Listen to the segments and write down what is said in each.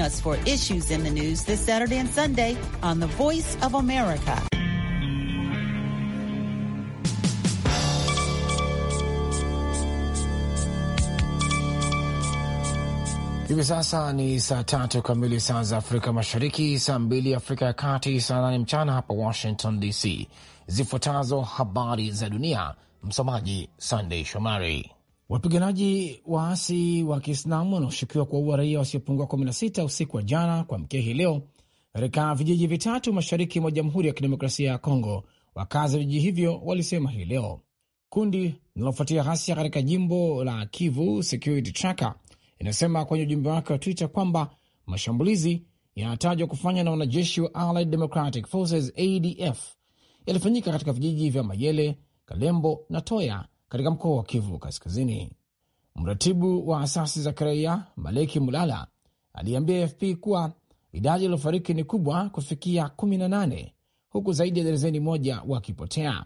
us for issues in the news this Saturday and Sunday on The Voice of America. Hivi sasa ni saa tatu kamili saa za Afrika Mashariki, saa mbili Afrika ya Kati, saa nane mchana hapa Washington DC. Zifuatazo habari za dunia, msomaji Sandey Shomari. Wapiganaji waasi wa Kiislamu wanaoshukiwa kuwaua raia wasiopungua 16 usiku wa jana kwa mkia hii leo katika vijiji vitatu mashariki mwa Jamhuri ya Kidemokrasia ya Kongo. Wakazi wa vijiji hivyo walisema hii leo. Kundi linalofuatia ghasia katika jimbo la Kivu, Security Tracker, inasema kwenye ujumbe wake wa Twitter kwamba mashambulizi yanatajwa kufanywa na wanajeshi wa Allied Democratic Forces, ADF, yalifanyika katika vijiji vya Mayele, Kalembo na Toya katika mkoa wa Kivu Kaskazini. Mratibu wa asasi za kiraia Maleki Mulala aliambia AFP kuwa idadi iliyofariki ni kubwa kufikia 18 huku zaidi ya derezeni moja wakipotea.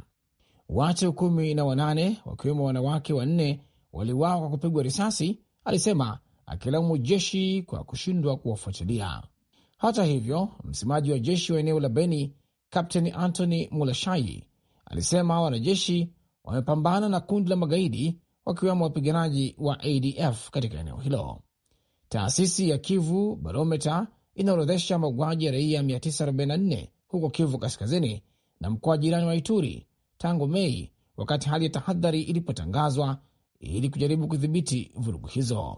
Watu kumi na wanane wakiwemo wanawake wanne waliwawa kwa kupigwa risasi, alisema akilaumu jeshi kwa kushindwa kuwafuatilia. Hata hivyo, msemaji wa jeshi wa eneo la Beni Kapteni Antony Mulashai alisema wanajeshi wamepambana na kundi la magaidi wakiwemo wapiganaji wa ADF katika eneo hilo. Taasisi ya Kivu Barometa inaorodhesha mauaji ya raia 944 huko Kivu Kaskazini na mkoa jirani wa Ituri tangu Mei, wakati hali ya tahadhari ilipotangazwa ili kujaribu kudhibiti vurugu hizo.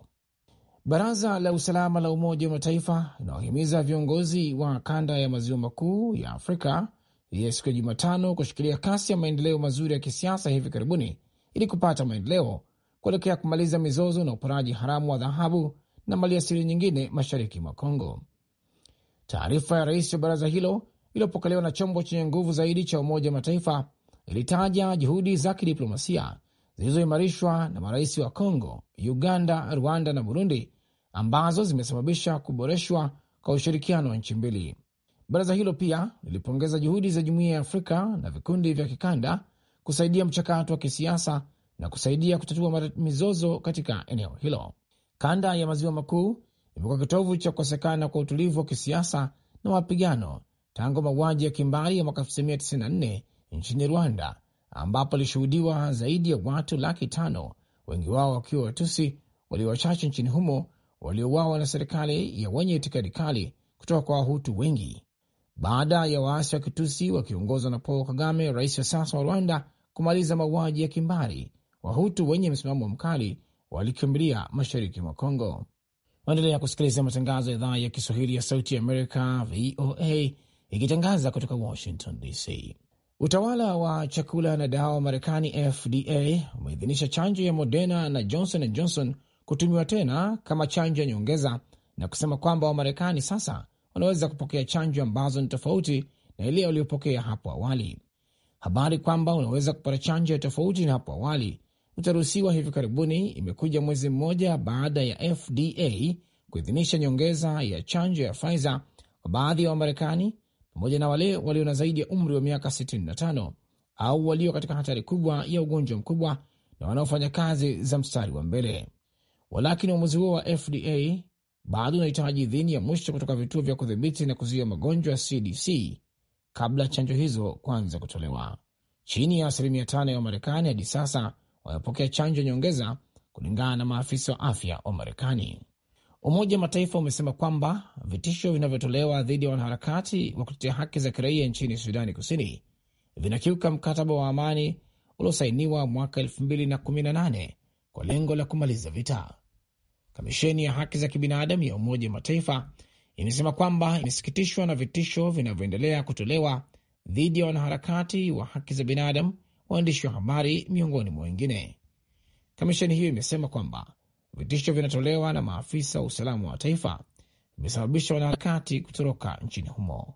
Baraza la Usalama la Umoja wa Mataifa linaohimiza viongozi wa kanda ya maziwa makuu ya Afrika ya siku ya Jumatano kushikilia kasi ya maendeleo mazuri ya kisiasa hivi karibuni ili kupata maendeleo kuelekea kumaliza mizozo na uporaji haramu wa dhahabu na maliasili nyingine mashariki mwa Kongo. Taarifa ya rais wa baraza hilo iliyopokelewa na chombo chenye nguvu zaidi cha Umoja wa Mataifa ilitaja juhudi za kidiplomasia zilizoimarishwa na marais wa Kongo, Uganda, Rwanda na Burundi ambazo zimesababisha kuboreshwa kwa ushirikiano wa nchi mbili. Baraza hilo pia lilipongeza juhudi za Jumuiya ya Afrika na vikundi vya kikanda kusaidia mchakato wa kisiasa na kusaidia kutatua mizozo katika eneo hilo. Kanda ya Maziwa Makuu imekuwa kitovu cha kukosekana kwa utulivu wa kisiasa na mapigano tangu mauaji ya kimbari ya mwaka 1994 nchini Rwanda, ambapo alishuhudiwa zaidi ya watu laki tano, wengi wao wakiwa Watusi walio wachache nchini humo, waliouawa na serikali ya wenye itikadi kali kutoka kwa Wahutu wengi baada ya waasi wa Kitusi wakiongozwa na Paul Kagame, rais wa sasa wa Rwanda, kumaliza mauaji ya kimbari, Wahutu wenye msimamo mkali walikimbilia mashariki mwa Kongo. Waendelea kusikiliza matangazo ya idhaa ya Kiswahili ya Sauti ya Amerika, VOA, ikitangaza kutoka Washington DC. Utawala wa chakula na dawa wa Marekani, FDA, umeidhinisha chanjo ya Moderna na Johnson and Johnson kutumiwa tena kama chanjo ya nyongeza na kusema kwamba Wamarekani sasa wanaweza kupokea chanjo ambazo ni tofauti na ile waliopokea hapo awali. Habari kwamba unaweza kupata chanjo ya tofauti na hapo awali utaruhusiwa hivi karibuni imekuja mwezi mmoja baada ya FDA kuidhinisha nyongeza ya chanjo ya Pfizer kwa baadhi ya Wamarekani pamoja na wale walio na zaidi ya umri wa miaka 65 au walio katika hatari kubwa ya ugonjwa mkubwa na wanaofanya kazi za mstari wa mbele. Walakini uamuzi huo wa FDA bado unahitaji idhini ya mwisho kutoka vituo vya kudhibiti na kuzuia magonjwa CDC kabla chanjo hizo kuanza kutolewa. Chini ya asilimia tano ya Wamarekani hadi sasa wamepokea chanjo nyongeza, kulingana na maafisa wa afya wa Marekani. Umoja wa Mataifa umesema kwamba vitisho vinavyotolewa dhidi ya wanaharakati wa kutetea haki za kiraia nchini Sudani Kusini vinakiuka mkataba wa amani uliosainiwa mwaka 2018 kwa lengo la kumaliza vita. Kamisheni ya haki za kibinadamu ya Umoja wa Mataifa imesema kwamba imesikitishwa na vitisho vinavyoendelea kutolewa dhidi ya wanaharakati wa haki za binadamu, waandishi wa habari, miongoni mwa wengine. Kamisheni hiyo imesema kwamba vitisho vinatolewa na maafisa wa usalama wa taifa vimesababisha wanaharakati kutoroka nchini humo.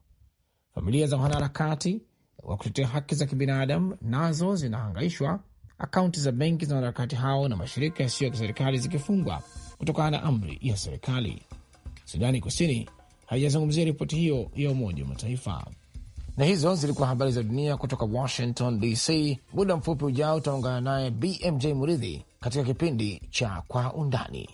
Familia za wanaharakati wa kutetea haki za kibinadamu nazo zinahangaishwa, akaunti za benki za wanaharakati hao na mashirika yasiyo ya kiserikali zikifungwa kutokana na amri ya serikali. Sudani Kusini haijazungumzia ripoti hiyo ya Umoja wa Mataifa. Na hizo zilikuwa habari za dunia kutoka Washington DC. Muda mfupi ujao utaungana naye BMJ Muridhi katika kipindi cha Kwa Undani.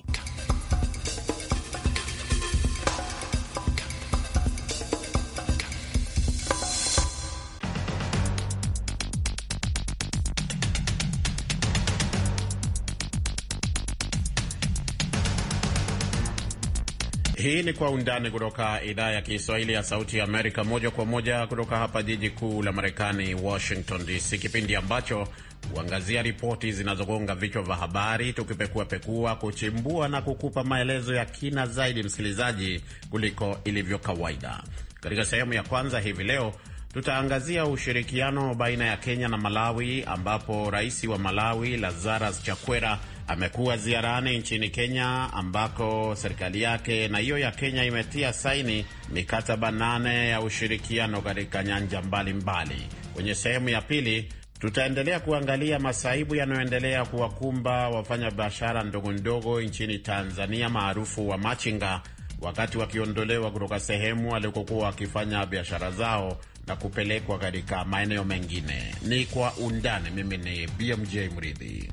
Hii ni Kwa Undani kutoka idhaa ya Kiswahili ya Sauti ya Amerika, moja kwa moja kutoka hapa jiji kuu la Marekani, Washington DC, kipindi ambacho huangazia ripoti zinazogonga vichwa vya habari, tukipekua pekua kuchimbua na kukupa maelezo ya kina zaidi, msikilizaji, kuliko ilivyo kawaida. Katika sehemu ya kwanza hivi leo Tutaangazia ushirikiano baina ya Kenya na Malawi ambapo rais wa Malawi Lazarus Chakwera amekuwa ziarani nchini Kenya ambako serikali yake na hiyo ya Kenya imetia saini mikataba nane ya ushirikiano katika nyanja mbalimbali. Kwenye sehemu ya pili tutaendelea kuangalia masaibu yanayoendelea kuwakumba wafanyabiashara ndogo ndogo nchini Tanzania maarufu wa machinga wakati wakiondolewa kutoka sehemu walikokuwa wakifanya biashara zao na kupelekwa katika maeneo mengine. Ni kwa undani. Mimi ni BMJ Mridhi.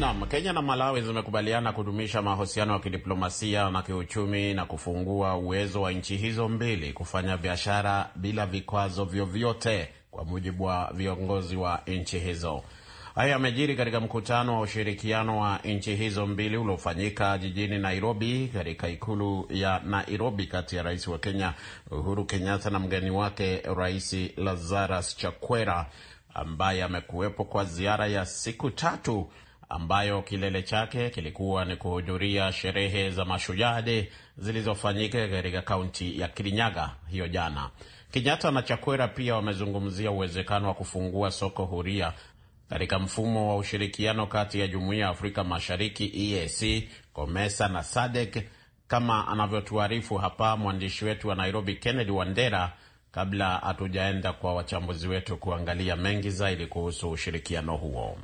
Nam, Kenya na Malawi zimekubaliana kudumisha mahusiano ya kidiplomasia na kiuchumi na kufungua uwezo wa nchi hizo mbili kufanya biashara bila vikwazo vyovyote, kwa mujibu wa viongozi wa nchi hizo. Haya yamejiri katika mkutano wa ushirikiano wa nchi hizo mbili uliofanyika jijini Nairobi, katika ikulu ya Nairobi, kati ya rais wa Kenya Uhuru Kenyatta na mgeni wake Rais Lazarus Chakwera ambaye amekuwepo kwa ziara ya siku tatu ambayo kilele chake kilikuwa ni kuhudhuria sherehe za Mashujaa zilizofanyika katika kaunti ya Kirinyaga hiyo jana. Kenyatta na Chakwera pia wamezungumzia uwezekano wa kufungua soko huria katika mfumo wa ushirikiano kati ya Jumuiya ya Afrika Mashariki EAC, COMESA na SADC kama anavyotuarifu hapa mwandishi wetu wa Nairobi Kennedy Wandera, kabla hatujaenda kwa wachambuzi wetu kuangalia mengi zaidi kuhusu ushirikiano huo.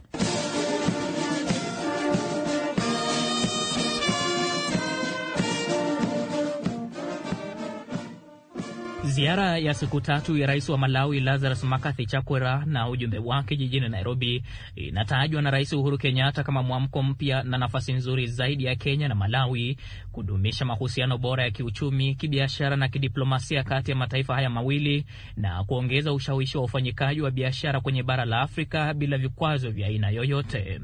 Ziara ya siku tatu ya rais wa Malawi Lazarus Makathi Chakwera na ujumbe wake jijini Nairobi inatajwa na Rais Uhuru Kenyatta kama mwamko mpya na nafasi nzuri zaidi ya Kenya na Malawi kudumisha mahusiano bora ya kiuchumi, kibiashara na kidiplomasia kati ya mataifa haya mawili na kuongeza ushawishi wa ufanyikaji wa biashara kwenye bara la Afrika bila vikwazo vya aina yoyote.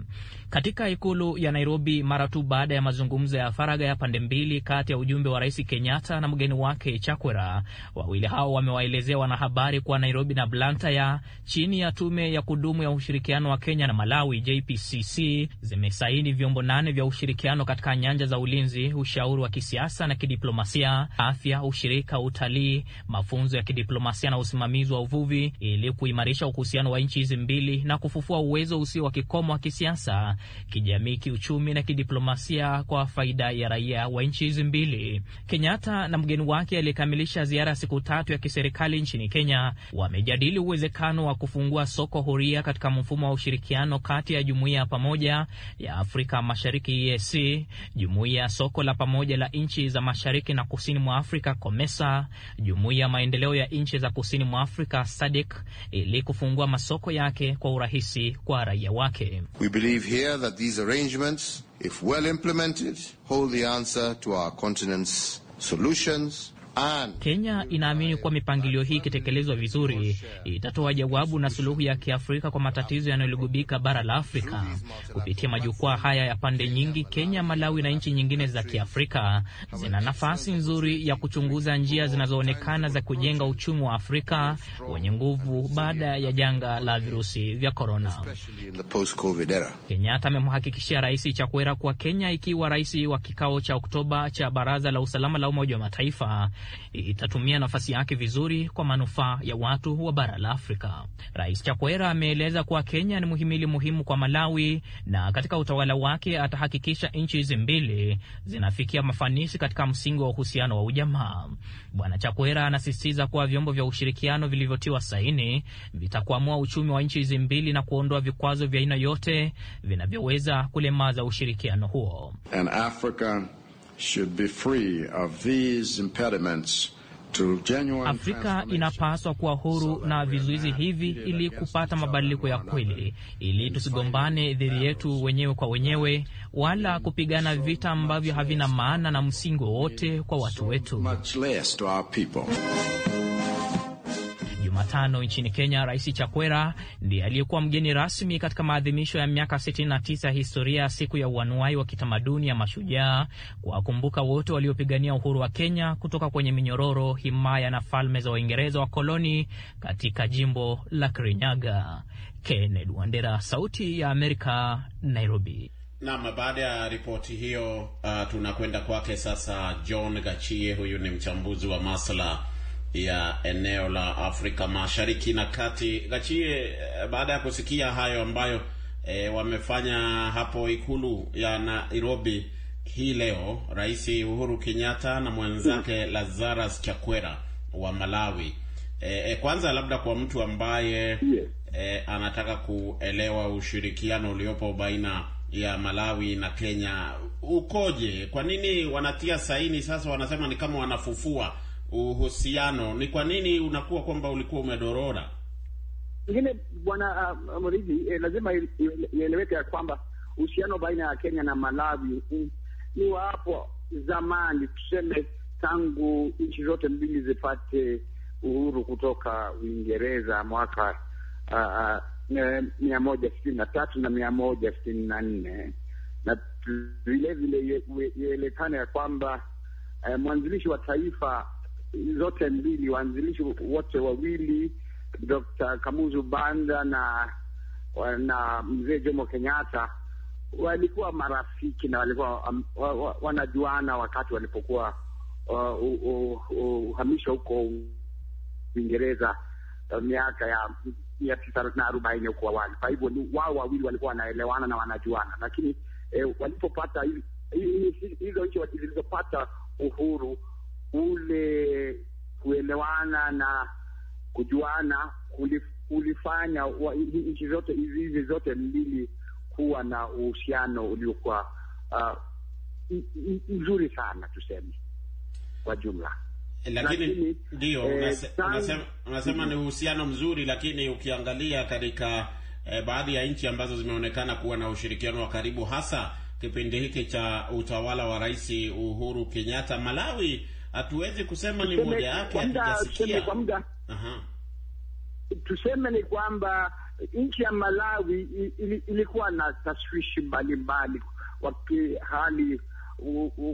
Katika ikulu ya Nairobi, mara tu baada ya mazungumzo ya faraga ya pande mbili kati ya ujumbe wa Rais Kenyatta na mgeni wake Chakwera wawili Wawili hao wamewaelezea wanahabari kuwa Nairobi na Blantaya chini ya tume ya kudumu ya ushirikiano wa Kenya na Malawi JPCC zimesaini vyombo nane vya ushirikiano katika nyanja za ulinzi, ushauri wa kisiasa na kidiplomasia, afya, ushirika, utalii, mafunzo ya kidiplomasia na usimamizi wa uvuvi ili kuimarisha uhusiano wa nchi hizi mbili na kufufua uwezo usio wa kikomo wa kisiasa, kijamii, kiuchumi na kidiplomasia kwa faida ya raia wa nchi hizi mbili. Kenyatta na mgeni wake aliyekamilisha ziara siku matatu ya kiserikali nchini Kenya wamejadili uwezekano wa kufungua soko huria katika mfumo wa ushirikiano kati ya jumuiya ya pamoja ya Afrika Mashariki EAC, jumuiya ya soko la pamoja la nchi za mashariki na kusini mwa Afrika COMESA, jumuiya ya maendeleo ya nchi za kusini mwa Afrika SADC ili kufungua masoko yake kwa urahisi kwa raia wake. We believe here that these arrangements if well implemented hold the answer to our continent's solutions Kenya inaamini kuwa mipangilio hii ikitekelezwa vizuri itatoa jawabu na suluhu ya kiafrika kwa matatizo yanayoligubika bara la Afrika. Kupitia majukwaa haya ya pande nyingi, Kenya, Malawi na nchi nyingine za kiafrika zina nafasi nzuri ya kuchunguza njia zinazoonekana za kujenga uchumi wa Afrika wenye nguvu baada ya janga la virusi vya korona. Kenyatta amemhakikishia Rais Chakwera kuwa Kenya ikiwa rais wa kikao cha Oktoba cha Baraza la Usalama la Umoja wa Mataifa itatumia nafasi yake vizuri kwa manufaa ya watu wa bara la Afrika. Rais Chakwera ameeleza kuwa Kenya ni muhimili muhimu kwa Malawi na katika utawala wake atahakikisha nchi hizi mbili zinafikia mafanisi katika msingi wa uhusiano wa ujamaa. Bwana Chakwera anasisitiza kuwa vyombo vya ushirikiano vilivyotiwa saini vitakwamua uchumi wa nchi hizi mbili na kuondoa vikwazo vya aina yote vinavyoweza kulemaza ushirikiano huo. Africa should be free of these impediments. Afrika inapaswa kuwa huru so na vizuizi hivi ili kupata mabadiliko ya kweli, ili tusigombane dhidi yetu wenyewe kwa wenyewe, wala kupigana vita ambavyo havina maana na msingi wowote kwa watu wetu. Jumatano nchini Kenya, Rais Chakwera ndiye aliyekuwa mgeni rasmi katika maadhimisho ya miaka 69 ya historia ya siku ya uanuai wa kitamaduni ya mashujaa, kuwakumbuka wote waliopigania uhuru wa Kenya kutoka kwenye minyororo, himaya na falme za Waingereza wa koloni katika jimbo la Kirinyaga. Kenneth Wandera, Sauti ya Amerika, Nairobi. Nam, baada ya ripoti hiyo, uh, tunakwenda kwake sasa John Gachie. Huyu ni mchambuzi wa masuala ya eneo la Afrika Mashariki na Kati. Gachie, eh, baada ya kusikia hayo ambayo e, wamefanya hapo ikulu ya Nairobi hii leo, Rais Uhuru Kenyatta na mwenzake hmm. Lazarus Chakwera wa Malawi. E, e, kwanza labda kwa mtu ambaye e, anataka kuelewa ushirikiano uliopo baina ya Malawi na Kenya ukoje? Kwa nini wanatia saini sasa, wanasema ni kama wanafufua uhusiano, ni kwa nini unakuwa kwamba ulikuwa umedorora? Ingine bwana uh, Mridhi eh, lazima ieleweke ya kwamba uhusiano baina ya Kenya na Malawi mm, ni wa hapo zamani, tuseme tangu nchi zote mbili zipate uhuru kutoka Uingereza mwaka uh, uh, mia moja sitini na tatu na mia moja sitini na nne na vilevile ielekane ya kwamba eh, mwanzilishi wa taifa zote mbili, waanzilishi wote wawili Dr. Kamuzu Banda na na mzee Jomo Kenyatta walikuwa marafiki na walikuwa um, wa, wa, wanajuana wakati walipokuwa uh, uhamisho uh, uh, uh, huko Uingereza uh, miaka ya mia tisa na arobaini huko awali. Kwa hivyo wao wawili walikuwa wanaelewana na wanajuana, lakini eh, walipopata hizo nchi zilizopata uhuru ule kuelewana na kujuana kulifanya nchi zote hizi zote mbili kuwa na uhusiano uliokuwa uh, mzuri sana tuseme kwa jumla. Lakini ndio eh, unasema, unasema mm-hmm. ni uhusiano mzuri, lakini ukiangalia katika eh, baadhi ya nchi ambazo zimeonekana kuwa na ushirikiano wa karibu hasa kipindi hiki cha utawala wa Rais Uhuru Kenyatta, Malawi hatuwezi kusema ni moja yake, hatujasikia kwa muda. Aha, tuseme ni kwamba nchi ya Malawi ilikuwa na taswishi mbalimbali wakati hali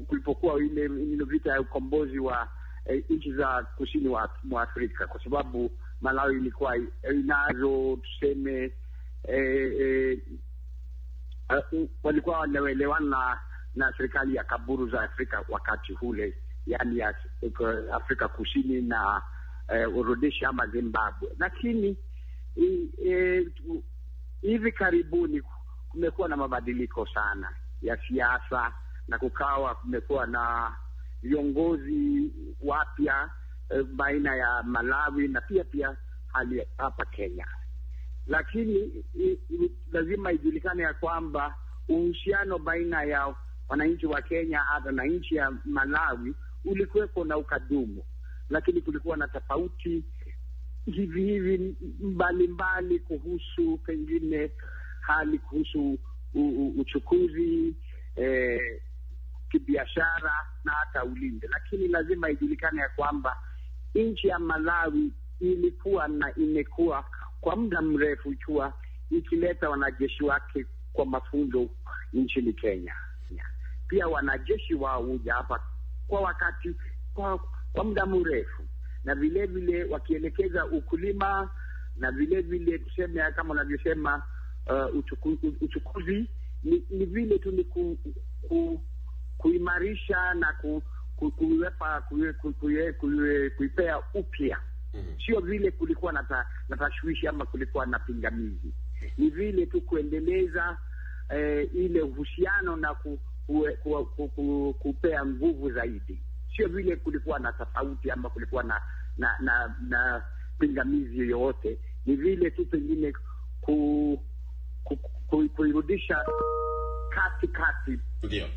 kulipokuwa ile vita ya ukombozi wa e, nchi za kusini wa, mwa Afrika kwa sababu Malawi ilikuwa eh, inazo tuseme e, e, uh, walikuwa wanaelewana na serikali ya kaburu za Afrika wakati ule yani ya Afrika Kusini na uh, eh, Urudisha ama Zimbabwe, lakini e, hivi e, karibuni kumekuwa na mabadiliko sana ya siasa na kukawa kumekuwa na viongozi wapya e, baina ya Malawi na pia pia hali hapa Kenya, lakini i, i, lazima ijulikane ya kwamba uhusiano baina ya wananchi wa Kenya hata na nchi ya Malawi ulikuwepo na ukadumu, lakini kulikuwa na tofauti hivi hivi mbalimbali kuhusu pengine hali kuhusu uchukuzi eh, kibiashara na hata ulinde, lakini lazima ijulikane ya kwamba nchi ya Malawi ilikuwa na imekuwa kwa muda mrefu ikiwa ikileta wanajeshi wake kwa mafunzo nchini Kenya. Pia wanajeshi wao huja hapa kwa wakati kwa, kwa muda mrefu, na vile vile wakielekeza ukulima na vile vile tuseme kama unavyosema uh, uchukuzi ni, ni vile tu ni ku, ku, kuimarisha na ku, ku, kuipa kuipea ku, ku, ku, upya mm -hmm. Sio vile kulikuwa na tashwishi ama kulikuwa na pingamizi, ni vile tu kuendeleza eh, ile uhusiano na ku kupea nguvu zaidi, sio vile kulikuwa na tofauti ama kulikuwa na na na, na pingamizi yoyote, ni vile tu pengine ku, ku, ku, kuirudisha kati kati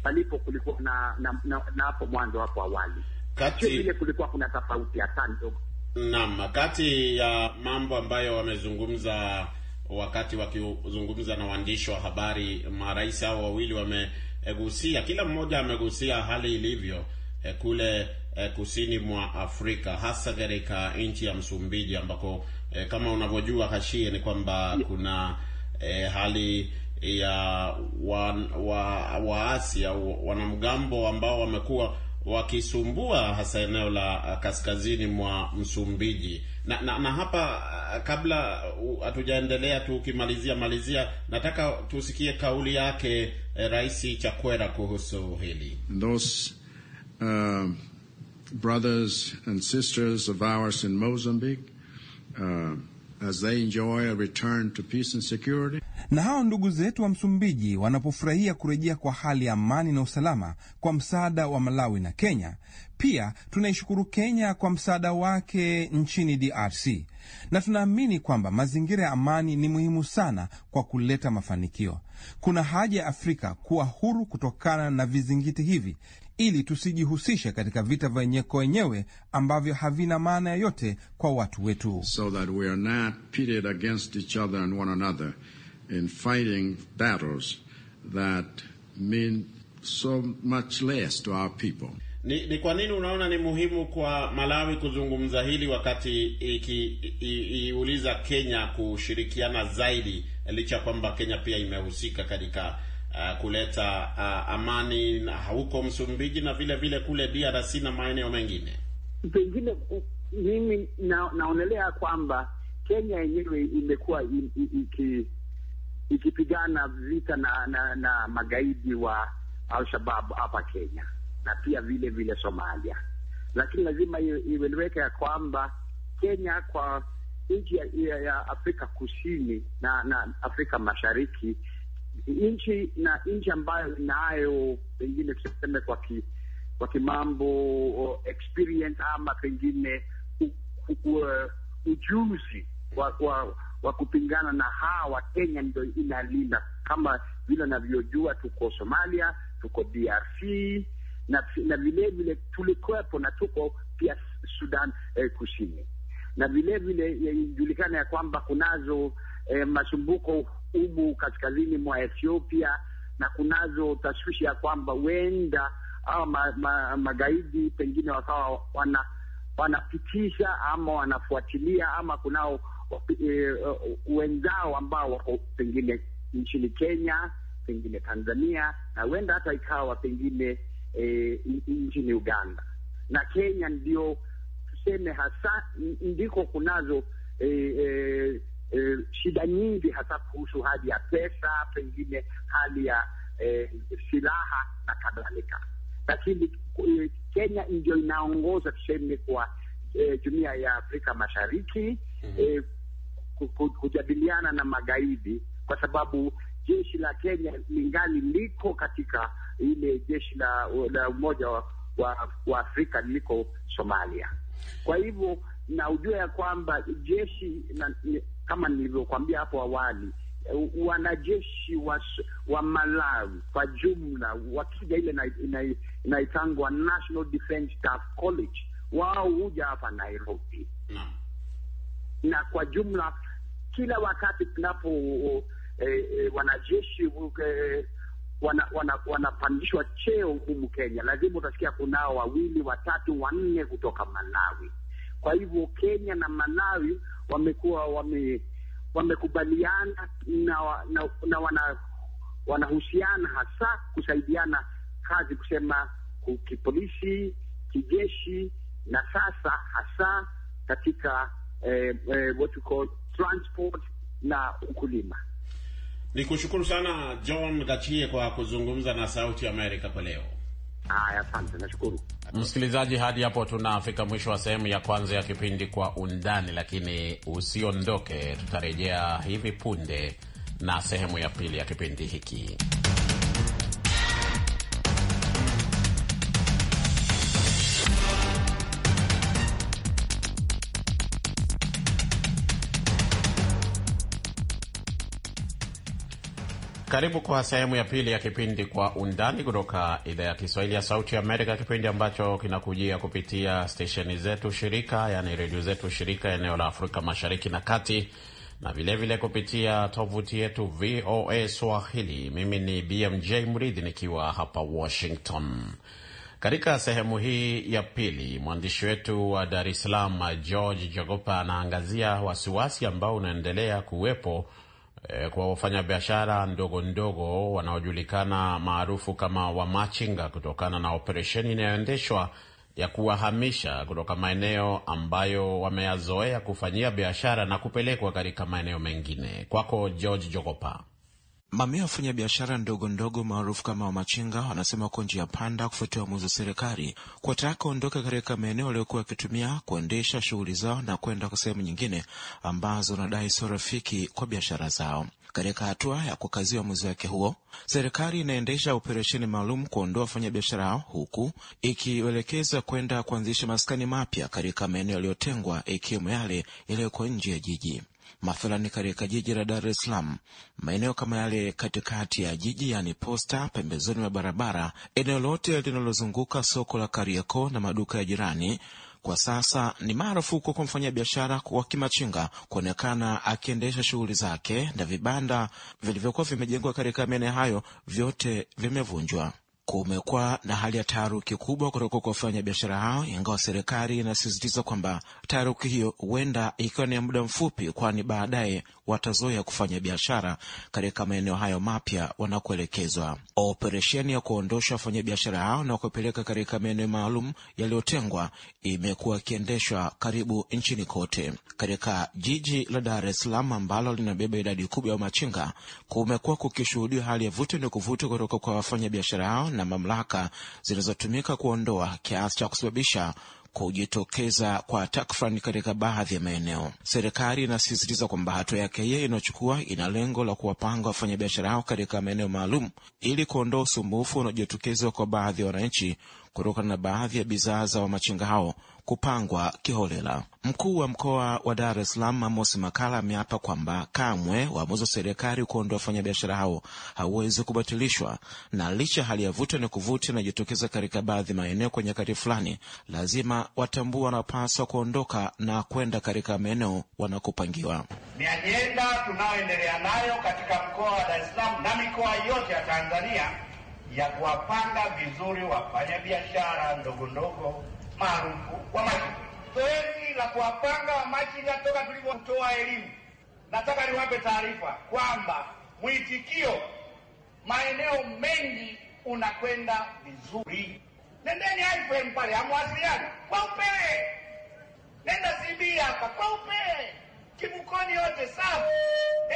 palipo kulikuwa na na, na, na hapo mwanzo hapo awali kati... sio vile kulikuwa kuna tofauti hata ndogo. Naam, kati ya mambo ambayo wamezungumza wakati wakizungumza na waandishi wa habari, marais hao wawili wame amegusia, kila mmoja amegusia hali ilivyo eh, kule eh, kusini mwa Afrika, hasa katika nchi ya Msumbiji ambako eh, kama unavyojua Hashie, ni kwamba kuna eh, hali ya waasi wa, wa au wanamgambo ambao wamekuwa wakisumbua hasa eneo la kaskazini mwa Msumbiji na, na, na hapa kabla hatujaendelea tu, ukimalizia malizia, nataka tusikie kauli yake eh, Rais Chakwera kuhusu hili. Those, uh, brothers and sisters of ours in Mozambique, uh, as they enjoy a return to peace and security. Na hao ndugu zetu wa Msumbiji wanapofurahia kurejea kwa hali ya amani na usalama kwa msaada wa Malawi na Kenya, pia tunaishukuru Kenya kwa msaada wake nchini DRC na tunaamini kwamba mazingira ya amani ni muhimu sana kwa kuleta mafanikio. Kuna haja ya Afrika kuwa huru kutokana na vizingiti hivi, ili tusijihusishe katika vita vyenyeko wenyewe ambavyo havina maana yoyote kwa watu wetu. So that we are not pitted against each other and one another in fighting battles that mean so much less to our people. Ni, ni kwa nini unaona ni muhimu kwa Malawi kuzungumza hili wakati ikiuliza Kenya kushirikiana zaidi, licha kwamba Kenya pia imehusika katika uh, kuleta uh, amani na huko Msumbiji na vile vile kule DRC na maeneo mengine? Pengine mimi na, naonelea kwamba Kenya yenyewe imekuwa ikipigana vita na, na, na magaidi wa al shabab hapa Kenya na pia vile vile Somalia, lakini lazima ieleweke ya kwamba Kenya kwa nchi ya, ya Afrika Kusini na, na Afrika Mashariki nchi na nchi ambayo inayo pengine tuseme kwa ki, kwa kimambo experience ama pengine u, u, u, ujuzi wa, wa, wa kupingana na hawa. Kenya ndio inalinda, kama vile anavyojua tuko Somalia, tuko DRC na vilevile tulikuwepo na tuko pia Sudan eh, Kusini, na vilevile eh, ijulikana ya kwamba kunazo eh, masumbuko humu kaskazini mwa Ethiopia na kunazo tashwishi ya kwamba huenda awa ma, ma, magaidi pengine wakawa wana, wanapitisha ama wanafuatilia ama kunao e, wenzao ambao wako pengine nchini Kenya, pengine Tanzania na huenda hata ikawa pengine e, nchini Uganda na Kenya ndio tuseme hasa ndiko kunazo e, e, e, shida nyingi hasa kuhusu hali ya pesa, pengine hali ya e, silaha na kadhalika, lakini Kenya ndio inaongoza tuseme kwa e, jumuiya ya Afrika Mashariki mm -hmm. e, kujadiliana na magaidi kwa sababu jeshi la Kenya lingali liko katika ile jeshi la, la Umoja wa, wa, wa Afrika liko Somalia. Kwa hivyo na ujua ya kwamba jeshi na, kama nilivyokuambia hapo awali wanajeshi wa, wa Malawi kwa jumla wakija ile inaitangwa ina, ina National Defence Staff College, wao huja hapa Nairobi mm. Na kwa jumla kila wakati tunapo eh, eh, wanajeshi eh, wanapandishwa wana, wana cheo humu Kenya. Lazima utasikia kunao wawili watatu wanne kutoka Malawi. Kwa hivyo Kenya na Malawi wamekuwa wame, wamekubaliana na, na, na wana, wanahusiana hasa kusaidiana kazi kusema kipolisi, kijeshi na sasa hasa katika eh, eh, what you call transport na ukulima. Ni kushukuru sana John Gachie kwa kuzungumza na Sauti ya Amerika kwa leo. Haya, asante, nashukuru msikilizaji. Hadi hapo tunafika mwisho wa sehemu ya kwanza ya kipindi Kwa Undani, lakini usiondoke, tutarejea hivi punde na sehemu ya pili ya kipindi hiki. Karibu kwa sehemu ya pili ya kipindi Kwa Undani kutoka idhaa ya Kiswahili ya Sauti ya Amerika, kipindi ambacho kinakujia kupitia stesheni zetu shirika, yaani redio zetu shirika eneo la Afrika Mashariki na Kati, na vilevile vile kupitia tovuti yetu VOA Swahili. Mimi ni BMJ Mridhi nikiwa hapa Washington. Katika sehemu hii ya pili, mwandishi wetu wa Dar es Salaam George Jogopa anaangazia wasiwasi ambao unaendelea kuwepo e, kwa wafanyabiashara ndogo ndogo wanaojulikana maarufu kama wamachinga kutokana na operesheni inayoendeshwa ya kuwahamisha kutoka maeneo ambayo wameyazoea kufanyia biashara na kupelekwa katika maeneo mengine. Kwako George Jogopa. Mamia wafanya biashara ndogo ndogo maarufu kama wamachinga wanasema wako njia panda kufuatia uamuzi wa serikali kuwataka waondoke katika maeneo waliokuwa wakitumia kuendesha shughuli zao na kwenda kwa sehemu nyingine ambazo wanadai sio rafiki kwa biashara zao. Katika hatua ya kukazia uamuzi wake huo, serikali inaendesha operesheni maalum kuondoa wafanyabiashara hao, huku ikielekeza kwenda kuanzisha maskani mapya katika maeneo yaliyotengwa, ikiwemo yale yaliyoko nje ya jiji mathalani katika jiji la Dar es Salaam, maeneo kama yale katikati ya jiji, yani Posta, pembezoni mwa barabara, eneo lote linalozunguka soko la Kariakoo na maduka ya jirani. Kwa sasa ni marufuku kwa mfanyabiashara wa kimachinga kuonekana akiendesha shughuli zake, na vibanda vilivyokuwa vimejengwa katika maeneo hayo vyote vimevunjwa kumekuwa na hali ya taharuki kubwa kutoka kwa biashara hao, ingawa serikali inasisitiza kwamba taharuki hiyo huenda ikiwa ni ya muda mfupi, kwani baadaye watazoea kufanya biashara katika maeneo hayo mapya wanakoelekezwa. Operesheni ya kuondosha wafanyabiashara hao na kupeleka katika maeneo maalum yaliyotengwa imekuwa ikiendeshwa karibu nchini kote. Katika jiji la Dar es Salaam ambalo linabeba idadi kubwa ya machinga, kumekuwa kukishuhudiwa hali ya vute ni kuvuta kutoka kwa wafanyabiashara hao na mamlaka zinazotumika kuondoa, kiasi cha kusababisha kujitokeza kwa takfan katika baadhi ya maeneo. Serikali inasisitiza kwamba hatua yake hiyo inayochukua ina lengo la kuwapanga wafanyabiashara hao katika maeneo maalum ili kuondoa usumbufu unaojitokeza kwa baadhi ya wananchi kutokana na baadhi ya bidhaa za wamachinga hao kupangwa kiholela. Mkuu wa mkoa wa Dar es Salaam Amos Makala ameapa kwamba kamwe uamuzi wa serikali kuondoa wafanyabiashara hao hauwezi kubatilishwa, na licha hali ya vuta ni kuvuta inajitokeza katika baadhi ya maeneo kwa nyakati fulani, lazima watambua wanapaswa kuondoka na kwenda katika maeneo wanakopangiwa. Ni ajenda tunayoendelea nayo katika mkoa wa Dar es Salaam na mikoa yote ya Tanzania ya kuwapanga vizuri wafanyabiashara ndogo ndogo maarufu wa maji. Zoezi la kuwapanga maji toka tulivyotoa elimu, nataka niwape taarifa kwamba mwitikio maeneo mengi unakwenda vizuri. Nendeni iframe pale, amwasiliani kwa upele, nenda CB hapa kwa upele, kibukoni yote safi,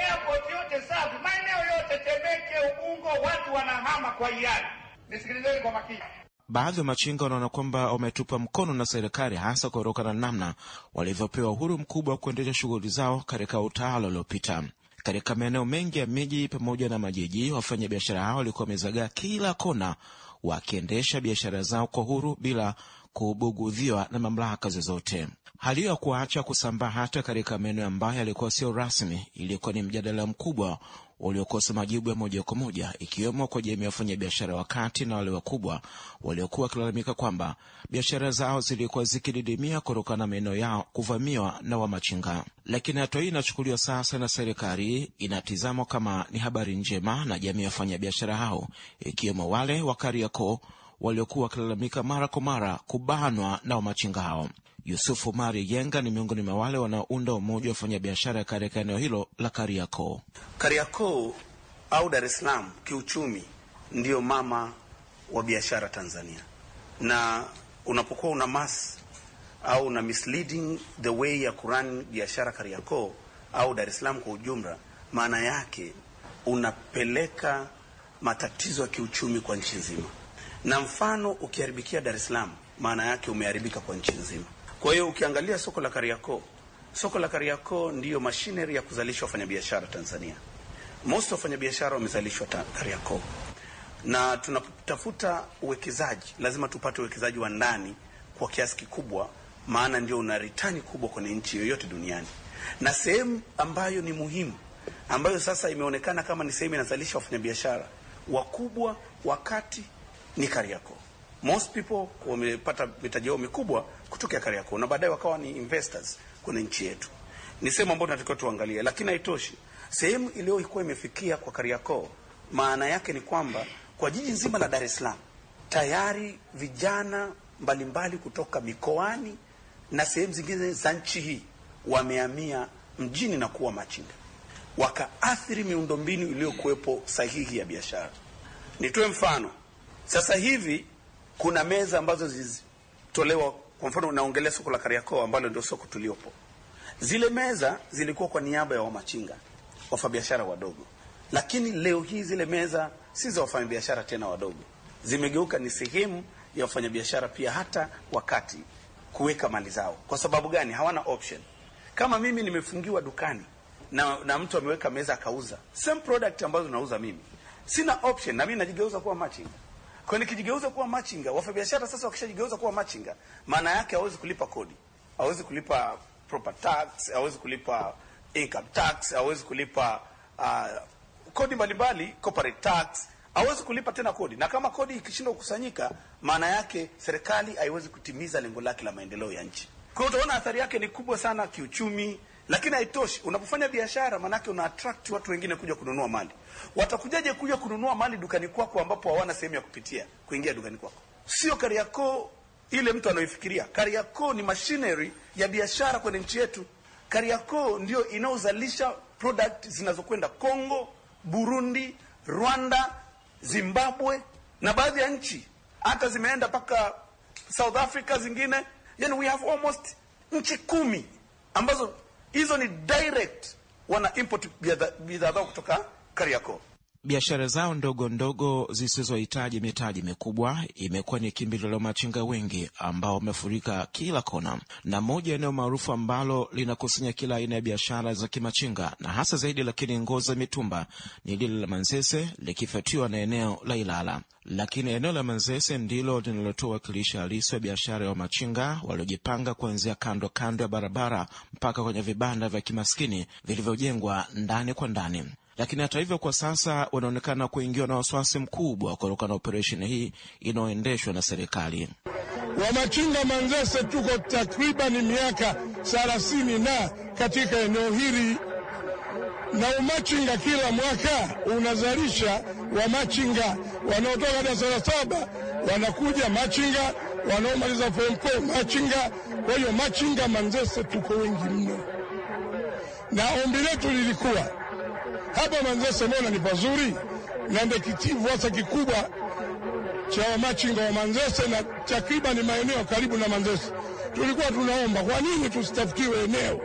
airport yote safi, maeneo yote Temeke, Ubungo, watu wanahama kwa hiari. Nisikilizeni kwa makini baadhi ya machinga wanaona kwamba wametupa mkono na serikali, hasa kutokana na namna walivyopewa uhuru mkubwa wa kuendesha shughuli zao katika utawala uliopita. Katika maeneo mengi ya miji pamoja na majiji, wafanyabiashara hao walikuwa wamezagaa kila kona, wakiendesha biashara zao kwa huru bila kubugudhiwa na mamlaka zozote. Hali hiyo ya kuacha kusambaa hata katika maeneo ambayo yalikuwa sio rasmi, ilikuwa ni mjadala mkubwa waliokosa majibu ya moja kwa moja, ikiwemo kwa jamii ya wafanyabiashara wa kati na wale wakubwa waliokuwa wakilalamika kwamba biashara zao zilikuwa zikididimia kutokana na maeneo yao kuvamiwa na wamachinga. Lakini hatua hii inachukuliwa sasa na serikali inatizamwa kama ni habari njema na jamii ya wafanyabiashara hao, ikiwemo wale wa Kariakoo waliokuwa wakilalamika mara kwa mara kubanwa na wamachinga hao. Yusufu Mario Yenga ni miongoni mwa wale wanaounda umoja wa wafanyabiashara katika eneo hilo la Kariakoo. Kariakoo au Dar es Salaam kiuchumi ndiyo mama wa biashara Tanzania, na unapokuwa una mas au una misleading the way ya kurani biashara Kariakoo au Dar es Salaam kwa ujumla, maana yake unapeleka matatizo ya kiuchumi kwa nchi nzima, na mfano ukiharibikia Dar es Salaam, maana yake umeharibika kwa nchi nzima. Kwa hiyo ukiangalia soko la Kariakoo, soko la Kariakoo ndiyo machinery ya kuzalisha wafanyabiashara Tanzania. Most wafanyabiashara wamezalishwa Kariakoo, na tunapotafuta uwekezaji lazima tupate uwekezaji wa ndani kwa kiasi kikubwa, maana ndio una ritani kubwa kwenye nchi yoyote duniani, na sehemu ambayo ni muhimu ambayo sasa imeonekana kama ni sehemu inazalisha wafanyabiashara wakubwa wakati ni Kariakoo. Most people wamepata mitaji yao mikubwa kutokea Kariakoo na baadaye wakawa ni investors kwenye nchi yetu. Ni sehemu ambayo tunatakiwa tuangalie, lakini haitoshi. Sehemu iliyokuwa imefikia kwa Kariakoo, maana yake ni kwamba kwa jiji nzima la Dar es Salaam tayari vijana mbalimbali mbali kutoka mikoani na sehemu zingine za nchi hii wamehamia mjini na kuwa machinga, wakaathiri miundombinu iliyokuwepo sahihi ya biashara. Nitoe mfano sasa hivi kuna meza ambazo zilitolewa kwa mfano unaongelea soko la Kariakoo ambalo ndio soko tuliopo, zile meza zilikuwa kwa niaba ya wamachinga, wafanyabiashara wadogo, lakini leo hii zile meza si za wafanyabiashara tena wadogo, zimegeuka ni sehemu ya wafanyabiashara pia, hata wakati kuweka mali zao. Kwa sababu gani? Hawana option. Kama mimi nimefungiwa dukani na, na mtu ameweka meza akauza same product ambazo nauza mimi, sina option, na mimi najigeuza kuwa machinga. Kwa hiyo nikijigeuza kuwa machinga, wafanyabiashara sasa wakishajigeuza kuwa machinga, maana yake hawezi kulipa kodi, hawezi kulipa proper tax, hawezi kulipa income tax, hawezi kulipa uh, kodi mbalimbali, corporate tax, hawezi kulipa tena kodi. Na kama kodi ikishindwa kukusanyika, maana yake serikali haiwezi kutimiza lengo lake la maendeleo ya nchi. Kwa hiyo utaona athari yake ni kubwa sana kiuchumi, lakini haitoshi, unapofanya biashara manake una attract watu wengine kuja kununua mali. Watakujaje kuja kununua mali dukani kwako ambapo hawana sehemu ya kupitia kuingia dukani kwako? Sio Kariakoo ile mtu anaoifikiria Kariakoo ni machinery ya biashara kwenye nchi yetu. Kariakoo ndio inaozalisha product zinazokwenda Kongo, Burundi, Rwanda, Zimbabwe na baadhi ya nchi hata zimeenda mpaka South Africa zingine. Yani we have almost nchi kumi ambazo Hizo ni direct wana import bidhaa zao kutoka Kariakoo. Biashara zao ndogo ndogo zisizohitaji mitaji mikubwa imekuwa ni kimbilio la machinga wengi ambao wamefurika kila kona, na moja eneo maarufu ambalo linakusanya kila aina ya biashara za kimachinga na hasa zaidi, lakini nguo za mitumba ni lile la Manzese, likifuatiwa na eneo la Ilala. Lakini eneo la Manzese ndilo linalotoa wakilishi halisi wa biashara ya wamachinga waliojipanga kuanzia kando kando ya barabara mpaka kwenye vibanda vya kimaskini vilivyojengwa ndani kwa ndani. Lakini hata hivyo, kwa sasa wanaonekana kuingiwa na wasiwasi mkubwa kutokana na operesheni hii inayoendeshwa na serikali. Wamachinga Manzese tuko takribani miaka thelathini na katika eneo hili na umachinga kila mwaka unazalisha wamachinga wanaotoka darasa la saba wanakuja machinga, wanaomaliza form four machinga. Kwa hiyo machinga Manzese tuko wengi mno, na ombi letu lilikuwa hapa Manzese mbona ni pazuri, na ndio kitivu hasa kikubwa cha wamachinga wa Manzese na takriban maeneo karibu na Manzese. Tulikuwa tunaomba kwa nini tusitafutiwe eneo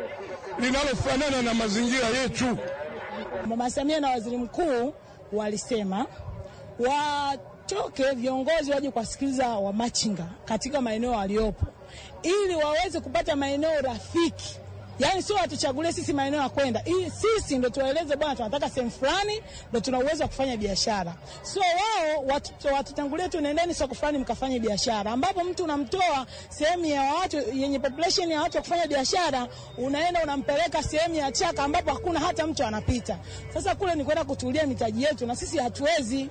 linalofanana na mazingira yetu. Mama Samia na waziri mkuu walisema watoke viongozi waje kuwasikiliza wamachinga katika maeneo waliopo, ili waweze kupata maeneo rafiki Yaani sio watuchagulie sisi maeneo ya kwenda, sisi ndio tuwaeleze bwana, tunataka sehemu fulani, ndo tuna uwezo wa kufanya biashara. Sio wao watutangulie tu, nendeni soko fulani mkafanye biashara, ambapo mtu unamtoa sehemu ya watu yenye population ya watu kufanya biashara, unaenda unampeleka sehemu ya chaka ambapo hakuna hata mtu anapita. Sasa kule ni kwenda kutulia mitaji yetu, na sisi hatuwezi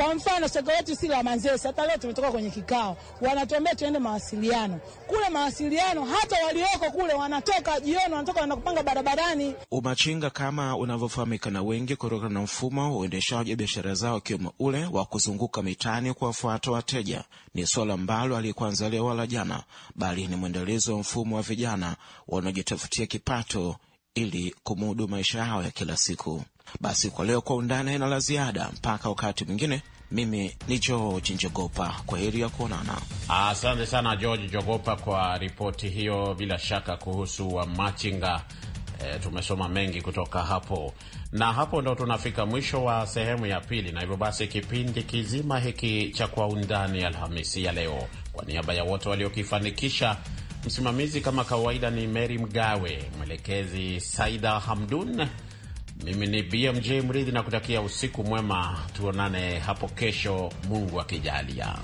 kwa mfano soko letu si la Manzese, hata leo tumetoka kwenye kikao, wanatuambia tuende mawasiliano kule. Mawasiliano hata walioko kule wanatoka jioni, wanatoka kupanga barabarani. Umachinga kama unavyofahamika na wengi kutokana na mfumo wa uendeshaji wa biashara zao akiwemo ule wa kuzunguka mitaani kuwafuata wateja, ni suala ambalo alikuanza leo wala jana, bali ni mwendelezo wa mfumo wa vijana wanaojitafutia kipato ili kumudu maisha yao ya kila siku. Basi kwa leo, kwa undani na la ziada, mpaka wakati mwingine. Mimi ni George Njogopa, kwa heri ya kuonana. Asante sana George Njogopa kwa ripoti hiyo, bila shaka kuhusu wamachinga. E, eh, tumesoma mengi kutoka hapo, na hapo ndo tunafika mwisho wa sehemu ya pili, na hivyo basi kipindi kizima hiki cha Kwa Undani Alhamisi ya leo, kwa niaba ya wote waliokifanikisha, msimamizi kama kawaida ni Meri Mgawe, mwelekezi Saida Hamdun. Mimi ni BMJ Mridhi na kutakia usiku mwema, tuonane hapo kesho, Mungu akijalia.